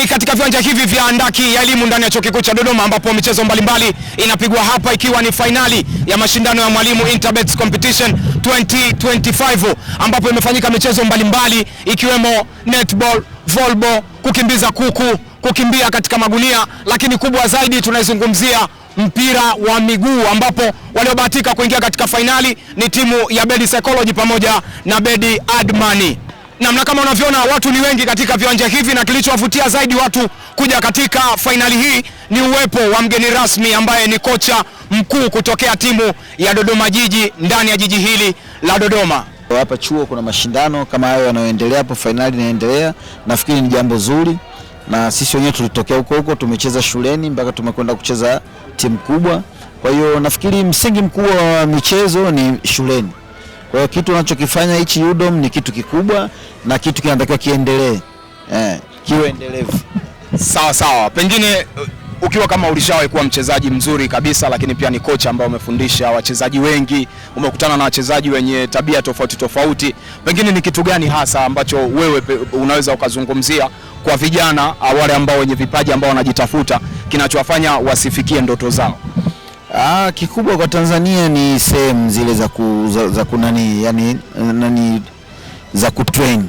ni katika viwanja hivi vya andaki ya elimu ndani ya chuo kikuu cha Dodoma ambapo michezo mbalimbali inapigwa hapa ikiwa ni fainali ya mashindano ya Mwalimu Interbets Competition 2025 ambapo imefanyika michezo mbalimbali ikiwemo netball, volleyball, kukimbiza kuku, kukimbia katika magunia, lakini kubwa zaidi tunaizungumzia mpira wa miguu ambapo waliobahatika kuingia katika fainali ni timu ya Bedi Psychology pamoja na Bedi Admani. Namna kama unavyoona watu ni wengi katika viwanja hivi, na kilichowavutia zaidi watu kuja katika fainali hii ni uwepo wa mgeni rasmi ambaye ni kocha mkuu kutokea timu ya Dodoma Jiji ndani ya jiji hili la Dodoma. Hapa chuo kuna mashindano kama hayo yanayoendelea hapo, fainali inaendelea. Nafikiri ni jambo zuri, na sisi wenyewe tulitokea huko huko, tumecheza shuleni mpaka tumekwenda kucheza timu kubwa. Kwa hiyo nafikiri msingi mkuu wa michezo ni shuleni. Kwa hiyo kitu unachokifanya hichi UDOM ni kitu kikubwa na kitu kinatakiwa kiendelee, eh, kiwe endelevu. Sawa sawa, pengine uh, ukiwa kama ulishawahi kuwa mchezaji mzuri kabisa, lakini pia ni kocha ambao umefundisha wachezaji wengi, umekutana na wachezaji wenye tabia tofauti tofauti, pengine ni kitu gani hasa ambacho wewe unaweza ukazungumzia kwa vijana uh, wale ambao wenye vipaji ambao wanajitafuta kinachowafanya wasifikie ndoto zao? Ah, kikubwa kwa Tanzania ni sehemu zile za ku, za, za kunani, yani, eh, nani za kutrain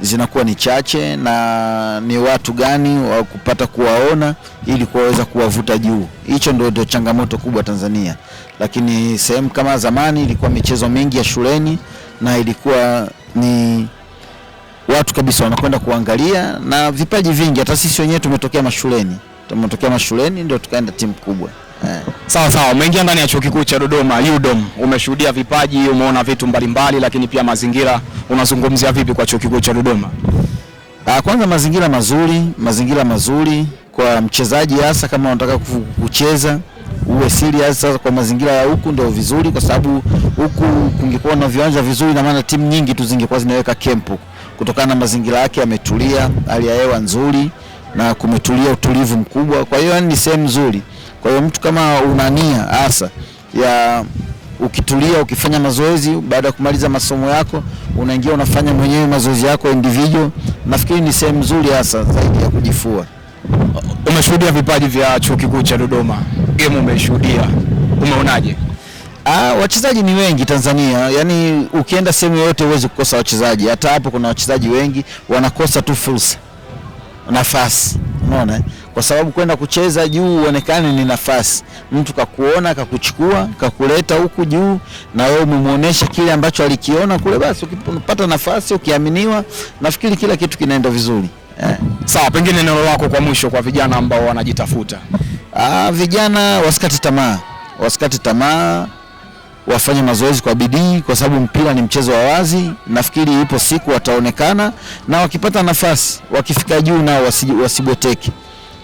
zinakuwa ni chache na ni watu gani wa kupata kuwaona ili kuwaweza kuwavuta juu. Hicho ndio ndio changamoto kubwa Tanzania, lakini sehemu kama zamani ilikuwa michezo mingi ya shuleni na ilikuwa ni watu kabisa wanakwenda kuangalia na vipaji vingi. Hata sisi wenyewe tumetokea mashuleni, tumetokea mashuleni ndio tukaenda timu kubwa. Sawa sawa, umeingia ndani ya chuo kikuu cha Dodoma UDOM, umeshuhudia vipaji, umeona vitu mbalimbali, lakini pia mazingira, unazungumzia vipi kwa chuo kikuu cha Dodoma? Ah, kwanza mazingira mazuri, mazingira mazuri kwa mchezaji, hasa kama unataka kucheza uwe serious. Sasa kwa mazingira ya huku ndio vizuri, kwa sababu huku kungekuwa na viwanja vizuri, na maana timu nyingi tu zingekuwa zinaweka kempu, kutokana na mazingira yake yametulia, hali ya hewa nzuri na kumetulia, utulivu mkubwa. Kwa hiyo ni sehemu nzuri. Kwa hiyo mtu kama una nia hasa ya ukitulia ukifanya mazoezi baada ya kumaliza masomo yako, unaingia unafanya mwenyewe mazoezi yako individual, nafikiri ni sehemu nzuri hasa zaidi ya kujifua. Umeshuhudia vipaji vya chuo kikuu cha Dodoma, game umeshuhudia, umeonaje? Ah, wachezaji ni wengi Tanzania, yaani ukienda sehemu yoyote huwezi kukosa wachezaji. Hata hapo kuna wachezaji wengi wanakosa tu fursa, nafasi, unaona kwa sababu kwenda kucheza juu uonekane ni nafasi, mtu kakuona kakuchukua kakuleta huku juu, na wewe umemuonesha kile ambacho alikiona kule, basi ukipata nafasi ukiaminiwa, nafikiri kila kitu kinaenda vizuri eh. Sawa, pengine neno lako kwa mwisho kwa vijana ambao wanajitafuta. Ah, vijana wasikate tamaa, wasikate tamaa wafanye mazoezi kwa bidii, kwa sababu mpira ni mchezo wa wazi. Nafikiri ipo siku wataonekana, na wakipata nafasi, wakifika juu nao wasiboteke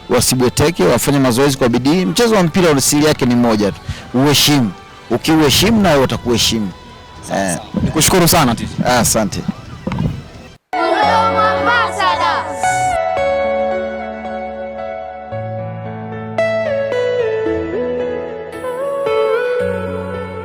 wasibweteke, wafanye mazoezi kwa bidii. Mchezo wa mpira asili yake ni moja tu, uheshimu. Ukiuheshimu nao watakuheshimu. Eh, nikushukuru sana Titi. Ah, asante.